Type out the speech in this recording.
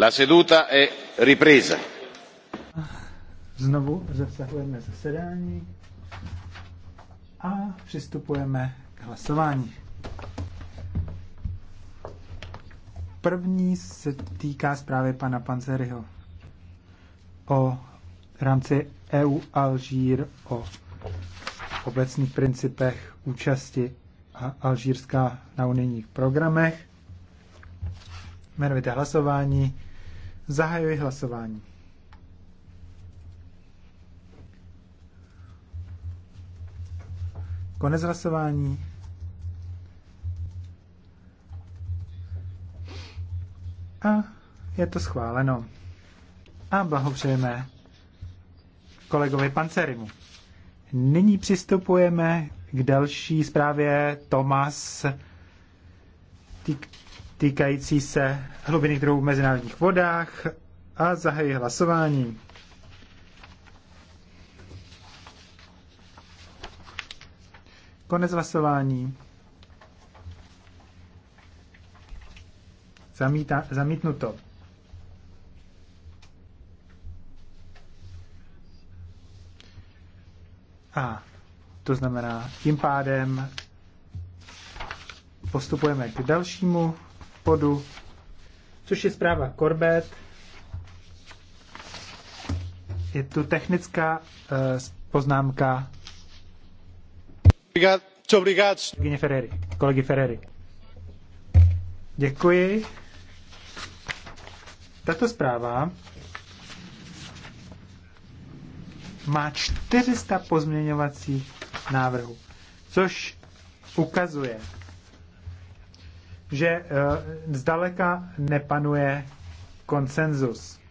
La seduta è ripresa. Znovu zasahujeme zasedání a přistupujeme k hlasování. První se týká zprávy pana Panzeryho o rámci EU Alžír o obecných principech účasti a alžírská na unijních programech. Jmenovité hlasování. Zahajuji hlasování. Konec hlasování. A je to schváleno. A blahopřejeme kolegovi Pancerimu. Nyní přistupujeme k další zprávě Tomas týkající se hlubinných druhů v mezinárodních vodách a zahajuji hlasování. Konec hlasování. Zamítá, zamítnuto. A to znamená, tím pádem postupujeme k dalšímu spodu, což je zpráva Corbett. Je tu technická uh, poznámka. Kolegyně Ferreri. Kolegy Ferreri. Děkuji. Tato zpráva má 400 pozměňovacích návrhů, což ukazuje, že eh, zdaleka nepanuje konsenzus.